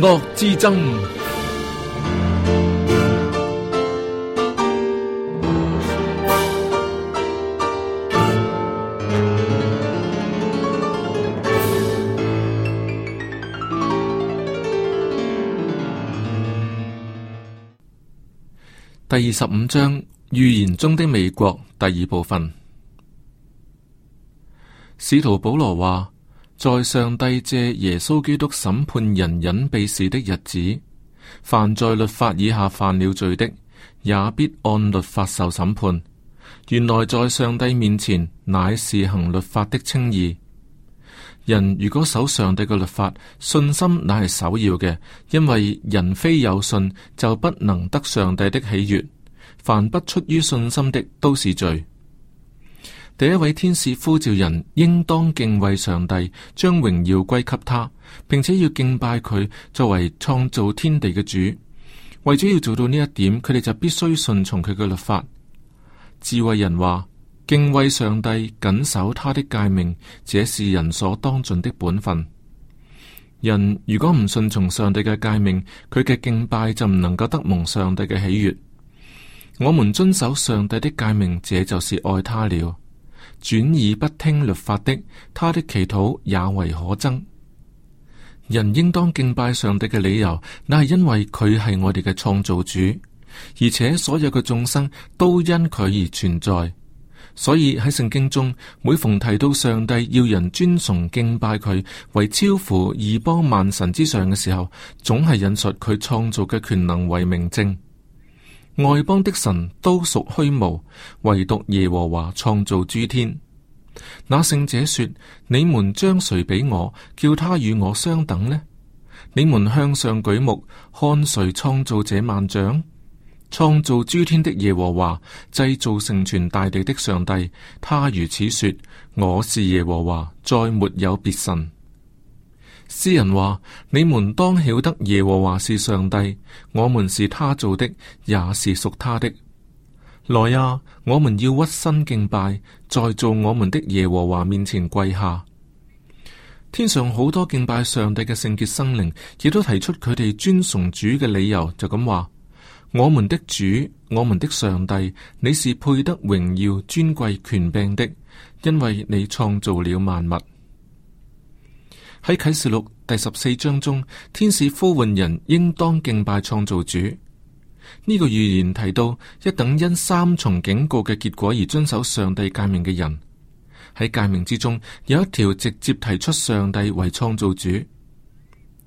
惡之爭。第二十五章預言中的美國，第二部分。使徒保羅話。在上帝借耶穌基督審判人隱秘事的日子，凡在律法以下犯了罪的，也必按律法受審判。原來在上帝面前，乃是行律法的稱義。人如果守上帝嘅律法，信心乃係首要嘅，因為人非有信就不能得上帝的喜悅。凡不出於信心的，都是罪。第一位天使呼召人，應當敬畏上帝，將榮耀歸給他，並且要敬拜佢作為創造天地嘅主。為咗要做到呢一點，佢哋就必須順從佢嘅律法。智慧人話：敬畏上帝，謹守他的誡命，這是人所當盡的本分。人如果唔順從上帝嘅誡命，佢嘅敬拜就唔能夠得蒙上帝嘅喜悅。我們遵守上帝的誡命，這就是愛他了。轉而不聽律法的，他的祈禱也為可憎。人應當敬拜上帝嘅理由，那係因為佢係我哋嘅創造主，而且所有嘅眾生都因佢而存在。所以喺聖經中，每逢提到上帝要人尊崇敬拜佢，為超乎異邦萬神之上嘅時候，總係引述佢創造嘅權能為明證。外邦的神都屬虛無，唯獨耶和華創造諸天。那聖者說：你們將誰比我，叫他與我相等呢？你們向上舉目，看誰創造這萬象？創造諸天的耶和華，製造成全大地的上帝，他如此說：我是耶和華，再沒有別神。詩人話：你們當曉得耶和華是上帝，我們是他做的，也是屬他的。來呀，我們要屈身敬拜，在做我們的耶和華面前跪下。天上好多敬拜上帝嘅聖潔生靈，亦都提出佢哋尊崇主嘅理由，就咁話：我們的主，我們的上帝，你是配得榮耀、尊貴、權柄的，因為你創造了萬物。喺啟示錄第十四章中，天使呼喚人應當敬拜創造主。呢、這個預言提到一等因三重警告嘅結果而遵守上帝誡命嘅人。喺誡命之中有一條直接提出上帝為創造主。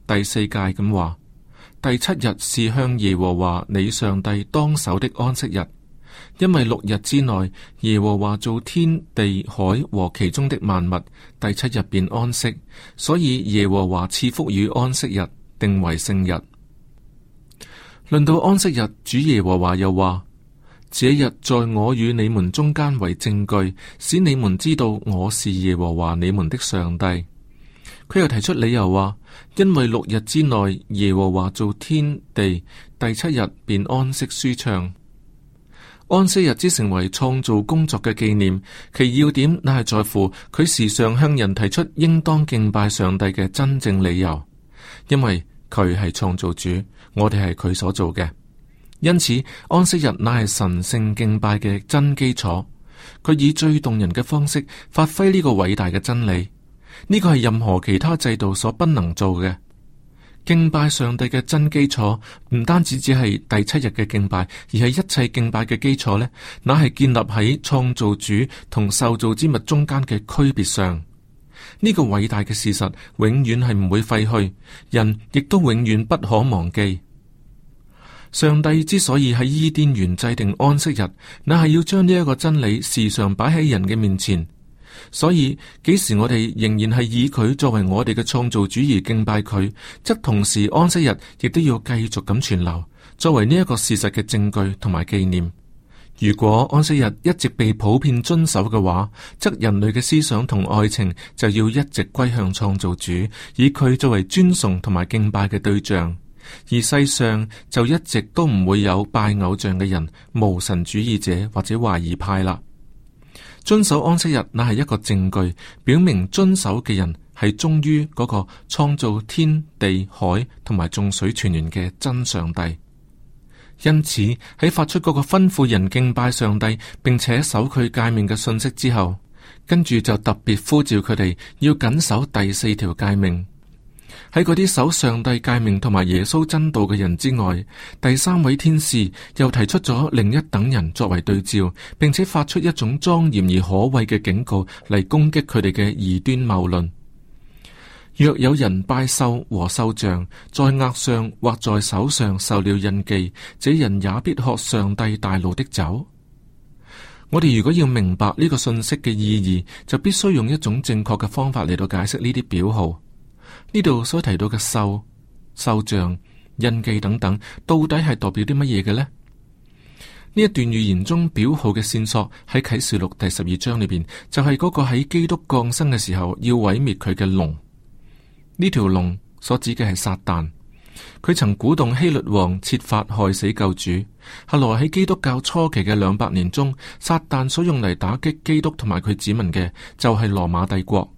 第四誡咁話：第七日是向耶和華你上帝當守的安息日。因為六日之內，耶和華造天地海和其中的萬物，第七日便安息，所以耶和華賜福與安息日，定為聖日。論到安息日，主耶和華又話：這日在我與你們中間為證據，使你們知道我是耶和華你們的上帝。佢又提出理由話：因為六日之內，耶和華造天地，第七日便安息舒暢。安息日之成為創造工作嘅紀念，其要點乃係在乎佢時常向人提出應當敬拜上帝嘅真正理由，因為佢係創造主，我哋係佢所做嘅。因此，安息日乃係神聖敬拜嘅真基礎。佢以最動人嘅方式發揮呢個偉大嘅真理，呢個係任何其他制度所不能做嘅。敬拜上帝嘅真基礎唔單止只係第七日嘅敬拜，而係一切敬拜嘅基礎呢，那係建立喺創造主同受造之物中間嘅區別上。呢個偉大嘅事實永遠係唔會廢去，人亦都永遠不可忘記。上帝之所以喺伊甸園制定安息日，那係要將呢一個真理時常擺喺人嘅面前。所以，幾時我哋仍然係以佢作為我哋嘅創造主而敬拜佢，則同時安息日亦都要繼續咁存留，作為呢一個事實嘅證據同埋紀念。如果安息日一直被普遍遵守嘅話，則人類嘅思想同愛情就要一直歸向創造主，以佢作為尊崇同埋敬拜嘅對象，而世上就一直都唔會有拜偶像嘅人、無神主義者或者懷疑派啦。遵守安息日，那係一個證據，表明遵守嘅人係忠於嗰個創造天地海同埋眾水泉源嘅真上帝。因此喺發出嗰個吩咐人敬拜上帝，並且守佢誡命嘅信息之後，跟住就特別呼召佢哋要謹守第四條誡命。喺嗰啲守上帝誡命同埋耶穌真道嘅人之外，第三位天使又提出咗另一等人作為對照，並且發出一種莊嚴而可畏嘅警告嚟，攻擊佢哋嘅異端謬論。若有人拜獸和獸像，在額上或在手上受了印記，這人也必喝，上帝大怒的酒。我哋如果要明白呢個信息嘅意義，就必須用一種正確嘅方法嚟到解釋呢啲表號。呢度所提到嘅獸、獸像、印記等等，到底係代表啲乜嘢嘅呢？呢一段預言中表號嘅線索喺啟示錄第十二章裏邊，就係、是、嗰個喺基督降生嘅時候要毀滅佢嘅龍。呢條龍所指嘅係撒旦，佢曾鼓動希律王設法害死救主。後來喺基督教初期嘅兩百年中，撒旦所用嚟打擊基督同埋佢子民嘅，就係、是、羅馬帝國。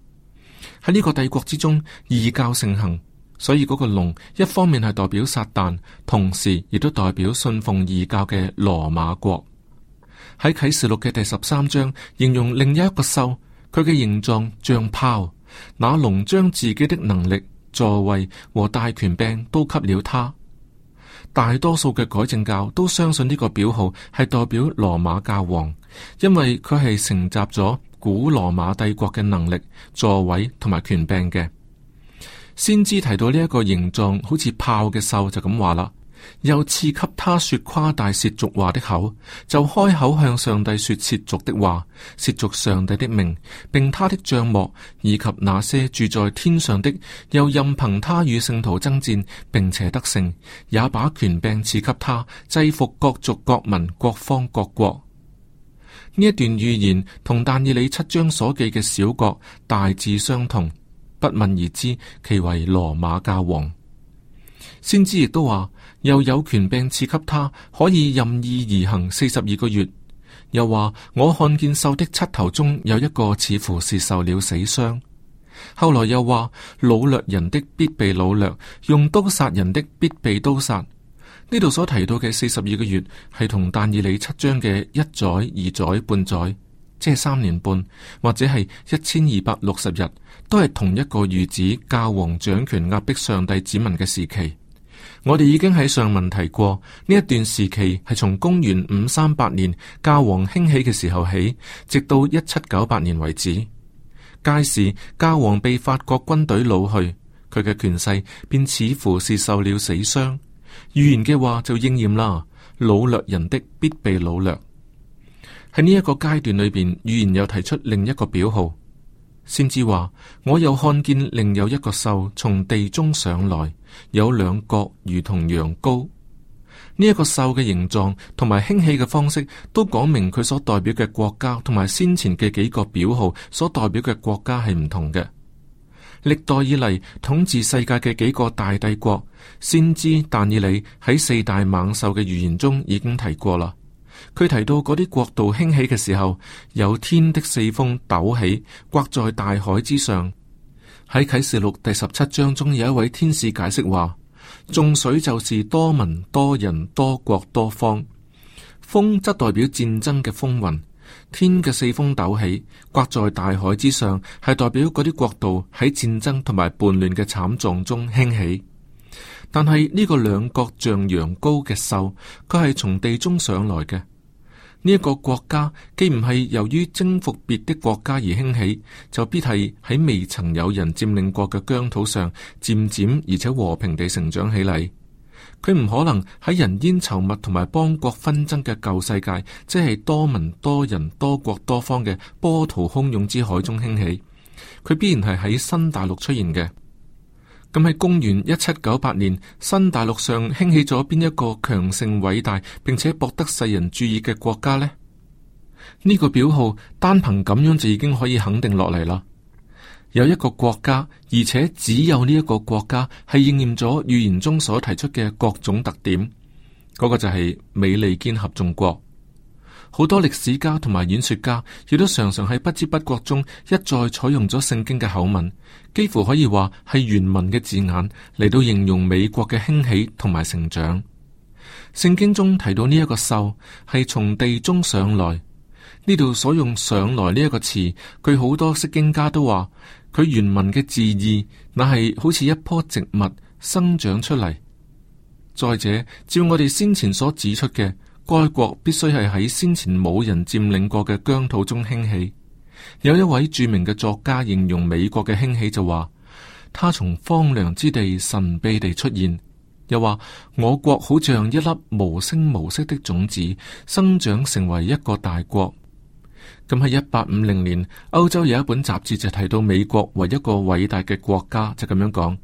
喺呢個帝國之中，異教盛行，所以嗰個龍一方面係代表撒旦，同時亦都代表信奉異教嘅羅馬國。喺啟示錄嘅第十三章，形容另一個獸，佢嘅形狀像豹，那龍將自己的能力、座位和大權柄都給了他。大多數嘅改正教都相信呢個表號係代表羅馬教王，因為佢係承襲咗。古羅馬帝國嘅能力、座位同埋權柄嘅，先知提到呢一個形狀好似豹嘅獸就咁話啦，又賜給他說誇大褻瀆話的口，就開口向上帝說褻瀆的話，褻瀆上帝的名，並他的帳幕以及那些住在天上的，又任憑他與聖徒爭戰，並且得勝，也把權柄賜給他，制服各族、各民、各方、各國。呢一段預言同但以理七章所記嘅小國大致相同，不問而知，其為羅馬教王。先知亦都話，又有權柄賜給他，可以任意而行四十二個月。又話，我看見獸的七頭中有一個，似乎是受了死傷。後來又話，擄掠人的必被擄掠，用刀殺人的必被刀殺。呢度所提到嘅四十二個月，係同但以理七章嘅一載、二載、半載，即係三年半，或者係一千二百六十日，都係同一個預指教皇掌權壓迫上帝子民嘅時期。我哋已經喺上文提過，呢一段時期係從公元五三八年教皇興起嘅時候起，直到一七九八年為止。屆時教皇被法國軍隊擄去，佢嘅權勢便似乎是受了死傷。預言嘅話就應驗啦，擄掠人的必被擄掠。喺呢一個階段裏邊，預言又提出另一個表號，先至話，我又看見另有一個獸從地中上來，有兩角如同羊羔。呢、這、一個獸嘅形狀同埋興起嘅方式，都講明佢所代表嘅國家，同埋先前嘅幾個表號所代表嘅國家係唔同嘅。歷代以嚟統治世界嘅幾個大帝國，先知但以理喺四大猛獸嘅預言中已經提過啦。佢提到嗰啲國度興起嘅時候，有天的四風抖起，刮在大海之上。喺啟示錄第十七章中，有一位天使解釋話：眾水就是多民、多人、多國、多方，風則代表戰爭嘅風雲。天嘅四風陡起，刮在大海之上，係代表嗰啲國度喺戰爭同埋叛亂嘅慘狀中興起。但係呢、這個兩角像羊羔嘅獸，佢係從地中上來嘅。呢、這、一個國家既唔係由於征服別的國家而興起，就必係喺未曾有人佔領過嘅疆土上，漸漸而且和平地成長起嚟。佢唔可能喺人煙稠密同埋邦國紛爭嘅舊世界，即係多民多人多國多方嘅波濤洶湧之海中興起。佢必然係喺新大陸出現嘅。咁喺公元一七九八年，新大陸上興起咗邊一個強盛偉大並且博得世人注意嘅國家咧？呢、呢個表號單憑咁樣就已經可以肯定落嚟啦。有一個國家，而且只有呢一個國家係應驗咗預言中所提出嘅各種特點，嗰、嗰個就係美利堅合眾國。好多歷史家同埋演說家亦都常常喺不知不覺中一再採用咗聖經嘅口吻，幾乎可以話係原文嘅字眼嚟到形容美國嘅興起同埋成長。聖經中提到呢一個獸係從地中上來，呢度所用上來呢一個詞，據好多釋經家都話。佢原文嘅字意，乃係好似一棵植物生長出嚟。再者，照我哋先前所指出嘅，該國必須係喺先前冇人佔領過嘅疆土中興起。有一位著名嘅作家形容美國嘅興起就話，他從荒涼之地神秘地出現。又話，我國好像一粒無聲無息的種子，生長成為一個大國。咁喺一八五零年，歐洲有一本雜誌就提到美國為一個偉大嘅國家，就咁樣講，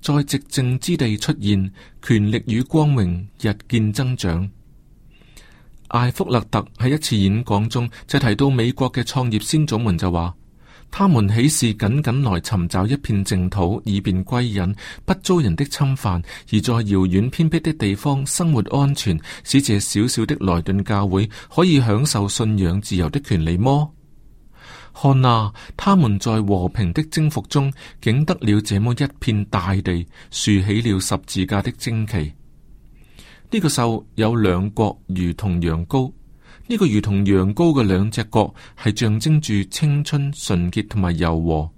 在寂靜之地出現，權力與光榮日漸增長。艾福勒特喺一次演講中就提到美國嘅創業先祖們就話。他們豈是，僅僅來尋找一片淨土，以便歸隱，不遭人的侵犯，而在遙遠偏僻的地方生活安全，使這小小的萊頓教會可以享受信仰自由的權利麼？看啊，他們在和平的征服中，竟得了這麼一片大地，豎起了十字架的旌旗。呢、這個獸有兩角，如同羊羔。呢個如同羊羔嘅兩隻角，係象徵住青春、純潔同埋柔和。呢、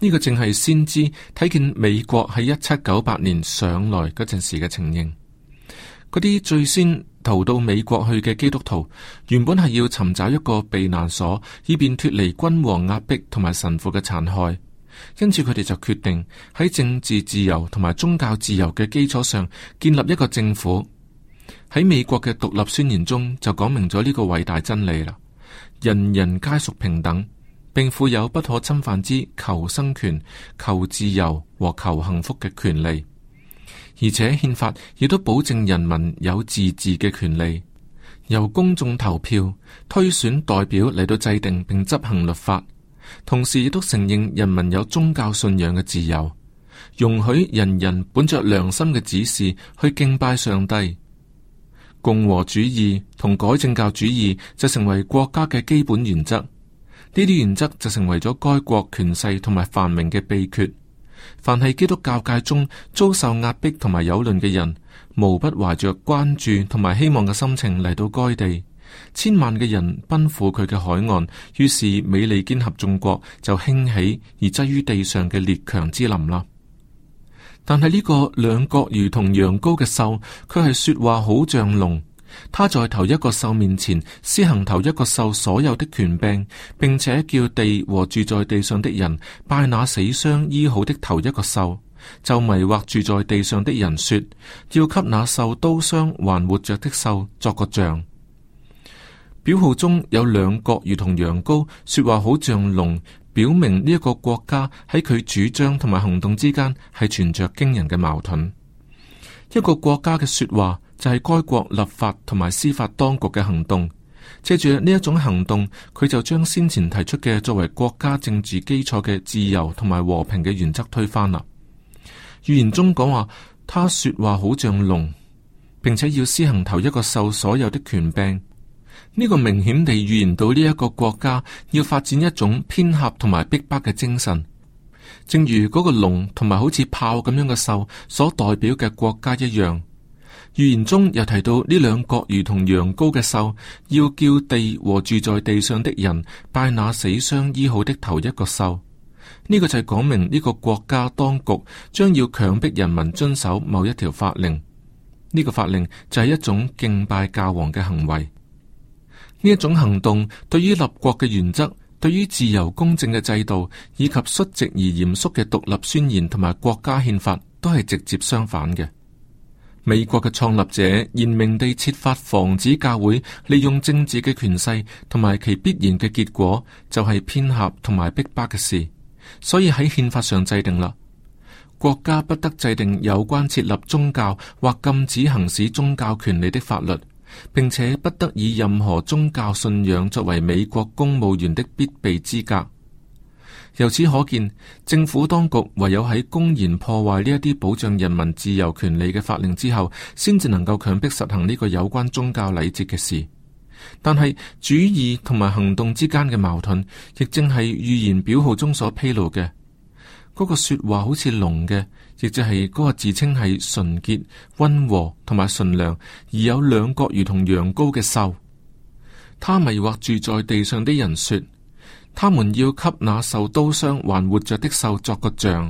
呢個正係先知睇見美國喺一七九八年上來嗰陣時嘅情形。嗰啲最先逃到美國去嘅基督徒，原本係要尋找一個避難所，以便脫離君王壓迫同埋神父嘅殘害。因此佢哋就決定喺政治自由同埋宗教自由嘅基礎上，建立一個政府。喺美國嘅獨立宣言中就講明咗呢個偉大真理啦。人人皆屬平等，並富有不可侵犯之求生權、求自由和求幸福嘅權利。而且憲法亦都保證人民有自治嘅權利，由公眾投票推選代表嚟到制定並執行律法。同時亦都承認人民有宗教信仰嘅自由，容許人人本着良心嘅指示去敬拜上帝。共和主義同改正教主義就成為國家嘅基本原則，呢啲原則就成為咗該國權勢同埋繁榮嘅秘訣。凡係基督教界中遭受壓迫同埋有論嘅人，無不懷着關注同埋希望嘅心情嚟到該地。千萬嘅人奔赴佢嘅海岸，於是美利堅合眾國就興起而躋身於地上嘅列強之林啦。但係呢、這個兩角如同羊羔嘅獸，佢係說話好像龍。他在頭一個獸面前施行頭一個獸所有的權柄，並且叫地和住在地上的人拜那死傷醫好的頭一個獸，就迷惑住在地上的人說，要給那受刀傷還活着的獸作個像。表號中有兩角如同羊羔，說話好像龍。表明呢一個國家喺佢主張同埋行動之間係存着驚人嘅矛盾。一個國家嘅說話就係該國立法同埋司法當局嘅行動。借住呢一種行動，佢就將先前提出嘅作為國家政治基礎嘅自由同埋和平嘅原則推翻啦。預言中講話，他說話好像龍，並且要施行頭一個獸所有的權柄。呢個明顯地預言到呢一個國家要發展一種偏狹同埋逼迫嘅精神，正如嗰個龍同埋好似豹咁樣嘅獸所代表嘅國家一樣。預言中又提到呢兩角如同羊羔嘅獸，要叫地和住在地上的人拜那死傷醫好的頭一個獸。呢個就係講明呢個國家當局將要強迫人民遵守某一條法令。呢個法令就係一種敬拜教皇嘅行為。呢一種行動，對於立國嘅原則，對於自由公正嘅制度，以及率直而嚴肅嘅獨立宣言同埋國家憲法，都係直接相反嘅。美國嘅創立者嚴明地設法防止教會利用政治嘅權勢，同埋其必然嘅結果就係、是、偏狹同埋逼迫嘅事，所以喺憲法上制定啦，國家不得制定有關設立宗教或禁止行使宗教權利的法律。並且不得以任何宗教信仰作為美國公務員的必備資格。由此可見，政府當局唯有喺公然破壞呢一啲保障人民自由權利嘅法令之後，先至能夠強迫實行呢個有關宗教禮節嘅事。但係主義同埋行動之間嘅矛盾，亦正係預言表號中所披露嘅嗰個說話好似龍嘅。亦就係嗰個自稱係純潔、溫和同埋純良，而有兩角如同羊羔嘅獸，他迷惑住在地上的人說，他們要給那受刀傷還活着的獸作個像。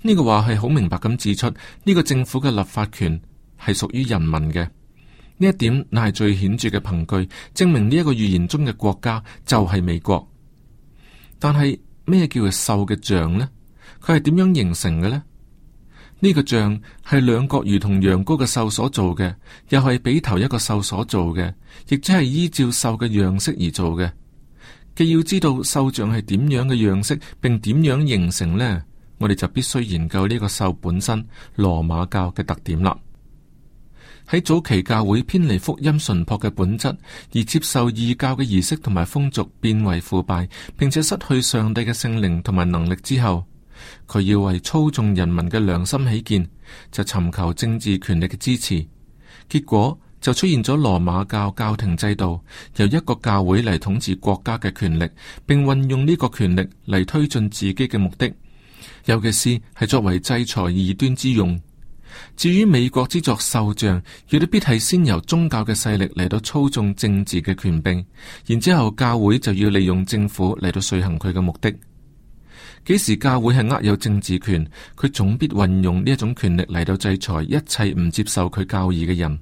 呢、這個話係好明白咁指出，呢、這個政府嘅立法權係屬於人民嘅。呢一點乃係最顯著嘅憑據，證明呢一個預言中嘅國家就係美國。但係咩叫做獸嘅像呢？佢係點樣形成嘅呢？呢個像係兩角如同羊羔嘅獸所做嘅，又係比頭一個獸所做嘅，亦即係依照獸嘅樣式而做嘅。既要知道獸像係點樣嘅樣式，並點樣形成呢？我哋就必須研究呢個獸本身，羅馬教嘅特點啦。喺早期，教會偏離福音純樸嘅本質，而接受異教嘅儀式同埋風俗，變為腐敗，並且失去上帝嘅聖靈同埋能力之後。佢要為操縱人民嘅良心起見，就尋求政治權力嘅支持，結果就出現咗羅馬教教廷制度，由一個教會嚟統治國家嘅權力，並運用呢個權力嚟推進自己嘅目的，尤其是係作為制裁異端之用。至於美國之作獸像，亦都必係先由宗教嘅勢力嚟到操縱政治嘅權柄，然之後教會就要利用政府嚟到遂行佢嘅目的。幾時教會係握有政治權，佢總必運用呢一種權力嚟到制裁一切唔接受佢教義嘅人。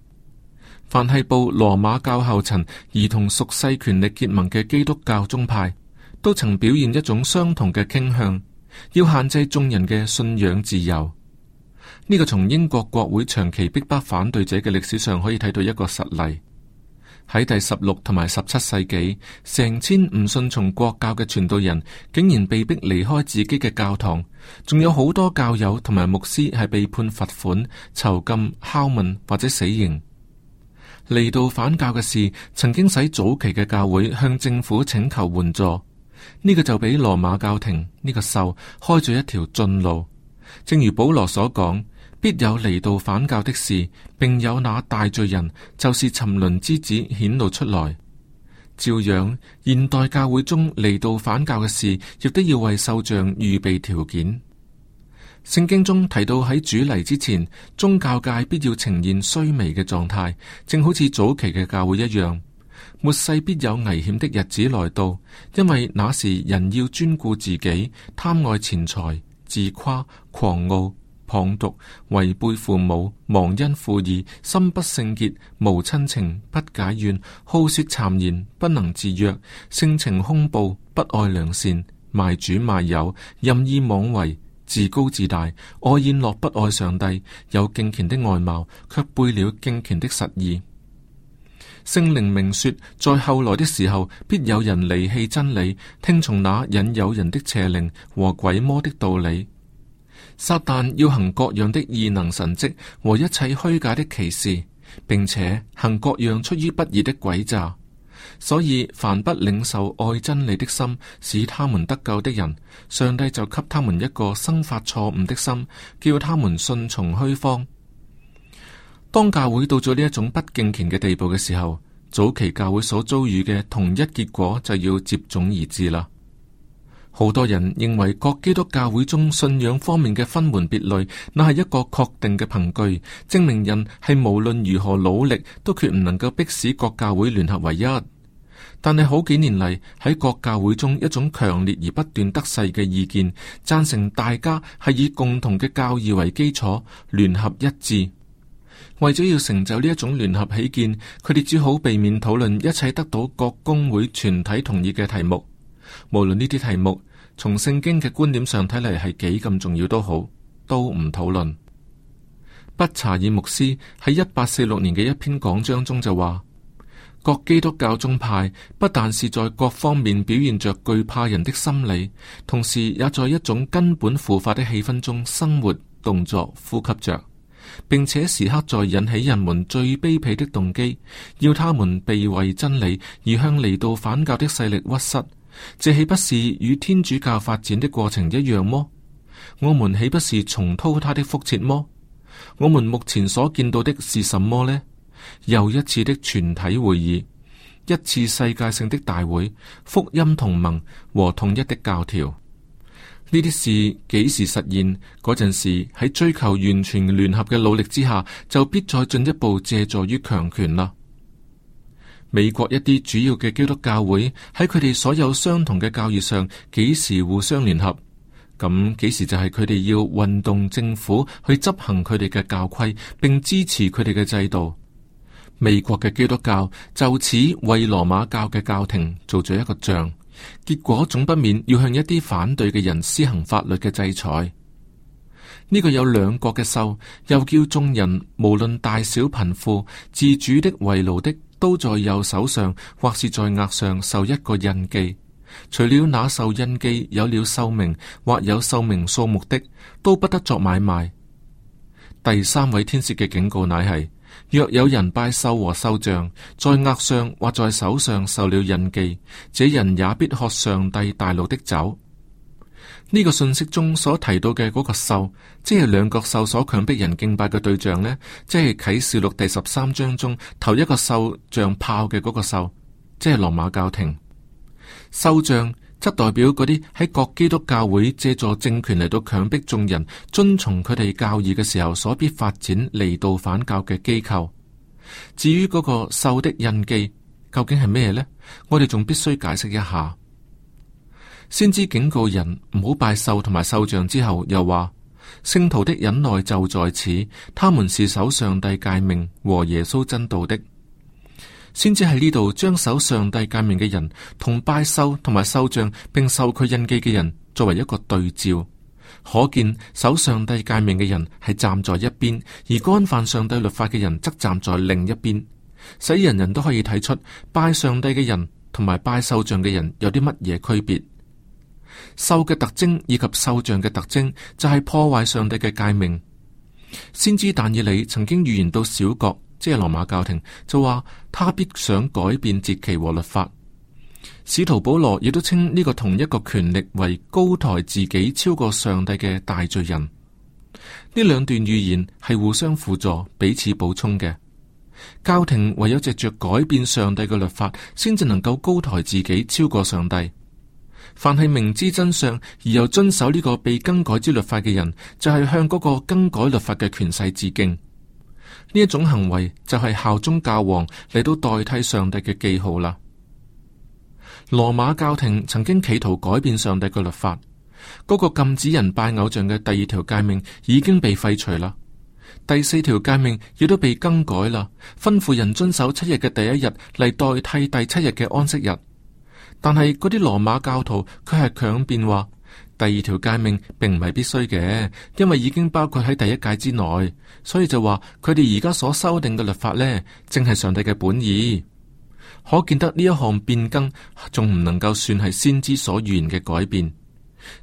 凡係步羅馬教後塵而同屬世權力結盟嘅基督教宗派，都曾表現一種相同嘅傾向，要限制眾人嘅信仰自由。呢、這個從英國國會長期逼迫反對者嘅歷史上可以睇到一個實例。喺第十六同埋十七世紀，成千唔順從國教嘅傳道人，竟然被迫離，離開自己嘅教堂，仲有好多教友同埋牧師係被判罰款、囚禁、拷問或者死刑。嚟到反教嘅事，曾經使早期嘅教會向政府請求援助，呢、這個就俾羅馬教廷呢、這個獸開咗一條進路。正如保羅所講。必有離道反教的事，並有那大罪人，就是沉淪之子顯露出來。照樣，現代教會中離道反教嘅事，亦都要為受像預備條件。聖經中提到喺主嚟之前，宗教界必要呈現衰微嘅狀態，正好似早期嘅教會一樣。末世必有危險的日子來到，因為那時人要專顧自己，貪愛錢財，自誇，狂傲。謗讟違背父母，忘恩負義，心不聖潔，無親情，不解怨，好說讒言，不能自約，性情兇暴，不愛良善，賣主賣友，任意妄為，自高自大，愛宴樂，不愛上帝。有敬虔的外貌，卻背了敬虔的實意。聖靈明說，在後來的時候，必有人離棄真理，聽從那引誘人的邪靈和鬼魔的道理。撒但要行各樣的異能神迹和一切虛假的奇事，並且行各樣出於不義的詭詐，所以凡不領受愛真理的心使他們得救的人，上帝就給他們一個生發錯誤的心，叫他們信從虛方。當教會到咗呢一種不敬虔嘅地步嘅時候，早期教會所遭遇嘅同一結果就要接踵而至啦。好多人認為各基督教會中信仰方面嘅分門別類，那係一個確定嘅憑據，證明人係無論如何努力都決唔能夠迫使各教會聯合為一。但係好幾年嚟喺各教會中，一種強烈而不斷得勢嘅意見，贊成大家係以共同嘅教義為基礎聯合一致。為咗要成就呢一種聯合起見，佢哋只好避免討論一切得到各公會全體同意嘅題目。無論呢啲題目從聖經嘅觀點上睇嚟係幾咁重要都好，都唔討論。不查爾牧師喺一八四六年嘅一篇講章中就話：各基督教宗派不但是在各方面表現着懼怕人的心理，同時也在一種根本腐化的氣氛中生活、動作、呼吸着，並且時刻在引起人們最卑鄙的動機，要他們避諱真理而向離道反教的勢力屈膝。」這豈不是與天主教發展的過程一樣麼？我們豈不是重蹈它的覆轍麼？我們目前所見到的是什麼呢？又一次的全體會議，一次世界性的大會，福音同盟和統一的教條。呢啲事幾時實現？嗰陣時喺追求完全聯合嘅努力之下，就必再進一步借助於強權啦。美國一啲主要嘅基督教會喺佢哋所有相同嘅教義上，幾時互相聯合？咁幾時就係佢哋要運動政府去執行佢哋嘅教規，並支持佢哋嘅制度？美國嘅基督教就此為羅馬教嘅教廷做咗一個像，結果總不免要向一啲反對嘅人施行法律嘅制裁。呢、這個有兩國嘅獸，又叫眾人，無論大小貧富，自主的為奴的。都在右手上或是在額上受一個印記，除了那受印記有了獸名或有獸名數目的，都不得作買賣。第三位天使嘅警告乃係：若有人拜獸和獸像，在額上或在手上受了印記，這人也必喝上帝大怒的酒。呢個信息中所提到嘅嗰個獸，即係兩角獸所強迫人敬拜嘅對象呢，即係啟示錄第十三章中頭一個獸像炮嘅嗰個獸，即係羅馬教廷。獸像則代表嗰啲喺各基督教會借助政權嚟到強迫眾人遵從佢哋教義嘅時候所必發展離道反教嘅機構。至於嗰個獸的印記究竟係咩呢？我哋仲必須解釋一下。先知警告人唔好拜獸同埋獸像之後，又話，聖徒的忍耐就在此。他們是守上帝誡命和耶穌真道的。先知喺呢度將守上帝誡命嘅人同拜獸同埋獸像並受佢印記嘅人作為一個對照，可見守上帝誡命嘅人係站在一邊，而干犯上帝律法嘅人則站在另一邊，使人人都可以睇出拜上帝嘅人同埋拜獸像嘅人有啲乜嘢區別。獸嘅特徵以及獸像嘅特徵就係破壞上帝嘅誡命。先知但以理曾經預言到小國，即係羅馬教廷，就話他必想改變節期和律法。使徒保羅亦都稱呢個同一個權力為高抬自己超過上帝嘅大罪人。呢兩段預言係互相輔助、彼此補充嘅。教廷唯有借着改變上帝嘅律法，先至能夠高抬自己超過上帝。凡係明知真相而又遵守呢個被更改之律法嘅人，就係、是、向嗰個更改律法嘅權勢致敬。呢一種行為就係效忠教皇嚟到代替上帝嘅記號啦。羅馬教廷曾經企圖改變上帝嘅律法，嗰、那個禁止人拜偶像嘅第二條誡命已經被廢除啦。第四條誡命亦都被更改啦，吩咐人遵守七日嘅第一日嚟代替第七日嘅安息日。但係嗰啲羅馬教徒，佢係強辯話第二條誡命並唔係必須嘅，因為已經包括喺第一誡之內，所以就話佢哋而家所修訂嘅律法呢，正係上帝嘅本意。可見得呢一項變更仲唔能夠算係先知所預言嘅改變。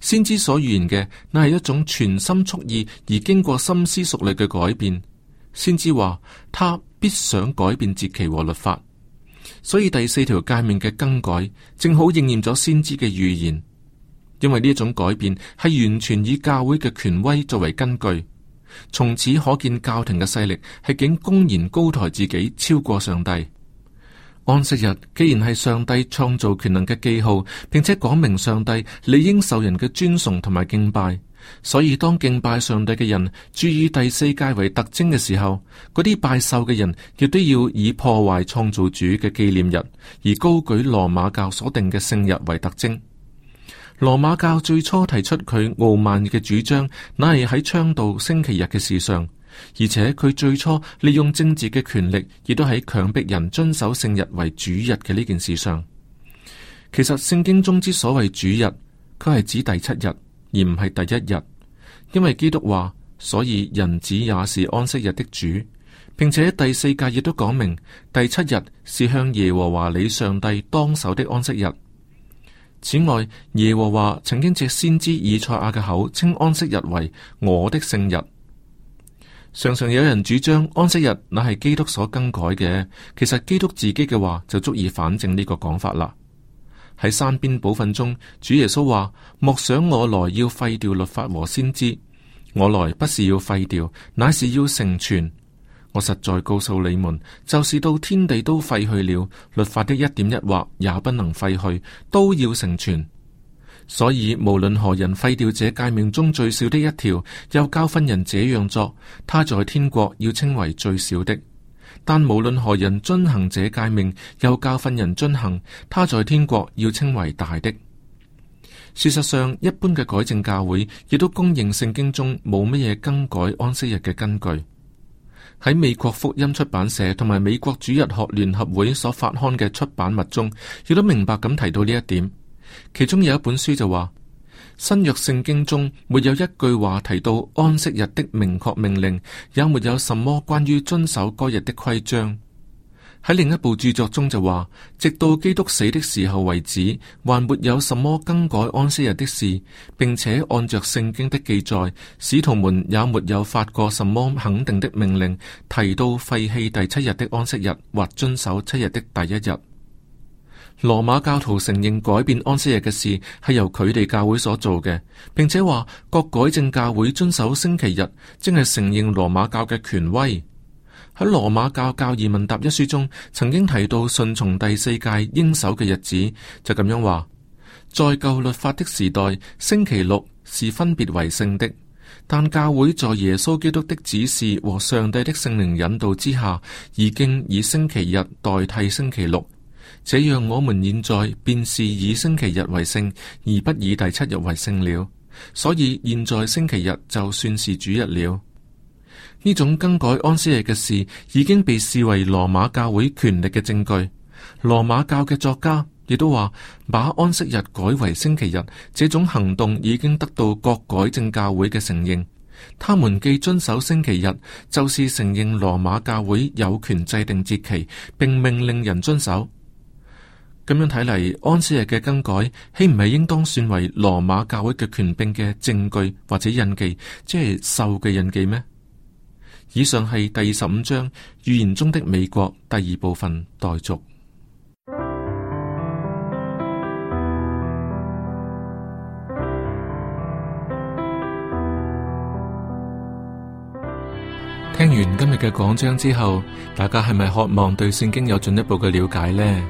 先知所預言嘅，乃係一種全心蓄意而經過深思熟慮嘅改變。先知話，他必想改變節期和律法。所以第四條界面嘅更改，正好應驗咗先知嘅預言，因為呢一種改變係完全以教會嘅權威作為根據。從此可見教廷嘅勢力係竟公然高抬自己，超過上帝。安息日既然係上帝創造權能嘅記號，並且講明上帝理應受人嘅尊崇同埋敬拜。所以當敬拜上帝嘅人注意第四誡為特徵嘅時候，嗰啲拜獸嘅人亦都要以破壞創造主嘅紀念日，而高舉羅馬教所定嘅聖日為特徵。羅馬教最初提出佢傲慢嘅主張，乃係喺倡導星期日嘅事上，而且佢最初利用政治嘅權力，亦都喺強迫人遵守聖日為主日嘅呢件事上。其實聖經中之所謂主日，佢係指第七日。而唔係第一日，因為基督話，所以人子也是安息日的主，並且第四誡亦都講明第七日是向耶和華你上帝當守的安息日。此外，耶和華曾經借先知以賽亞嘅口稱安息日為我的聖日。常常有人主張安息日乃係基督所更改嘅，其實基督自己嘅話就足以反證呢個講法啦。喺山邊寶訓中，主耶穌話：莫想我來要廢掉律法和先知，我來不是要廢掉，乃是要成全。我實在告訴你們，就是到天地都廢去了，律法的一點一畫也不能廢去，都要成全。所以無論何人廢掉這誡命中最小的一條，又教訓人這樣作，他在天國要稱為最小的。但無論何人遵行這誡命，又教訓人遵行，他在天國要稱為大的。事實上，一般嘅改正教會亦都公認聖經中冇乜嘢更改安息日嘅根據。喺美國福音出版社同埋美國主日學聯合會所發刊嘅出版物中，亦都明白咁提到呢一點。其中有一本書就話。新約聖經中沒有一句話提到安息日的明確命令，也沒有什麼關於遵守該日的規章。喺另一部著作中就話，直到基督死的時候為止，還沒有什麼更改安息日的事，並且按着聖經的記載，使徒們也沒有發過什麼肯定的命令，提到廢棄第七日的安息日，或遵守七日的第一日。羅馬教徒承認改變安息日嘅事係由佢哋教會所做嘅，並且話各改正教會遵守星期日，正係承認羅馬教嘅權威。喺羅馬教教義問答一書中，曾經提到順從第四誡應守嘅日子，就咁樣話：在舊律法的時代，星期六是分別為聖的，但教會在耶穌基督的指示和上帝的聖靈引導之下，已經以星期日代替星期六。這樣我們現在便是以星期日為聖，而不以第七日為聖了。所以現在星期日就算是主日了。呢種更改安息日嘅事已經被視為羅馬教會權力嘅證據。羅馬教嘅作家亦都話，把安息日改為星期日，這種行動已經得到各改正教會嘅承認。他們既遵守星期日，就是承認羅馬教會有權制定節期，並命令人遵守。咁樣睇嚟，安息日嘅更改豈唔係應當算為羅馬教會嘅權柄嘅證據或者印記，即係獸嘅印記咩？以上係第二十五章預言中的美國第二部分待續。聽完今日嘅講章之後，大家係咪渴望對聖經有進一步嘅了解呢？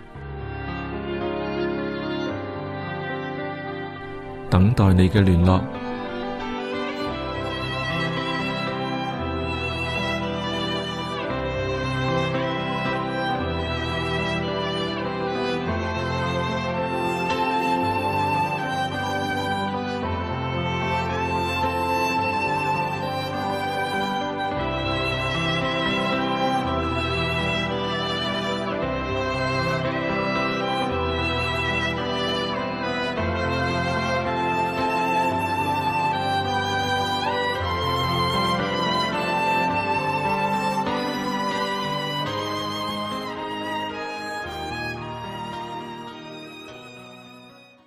等待你嘅聯絡。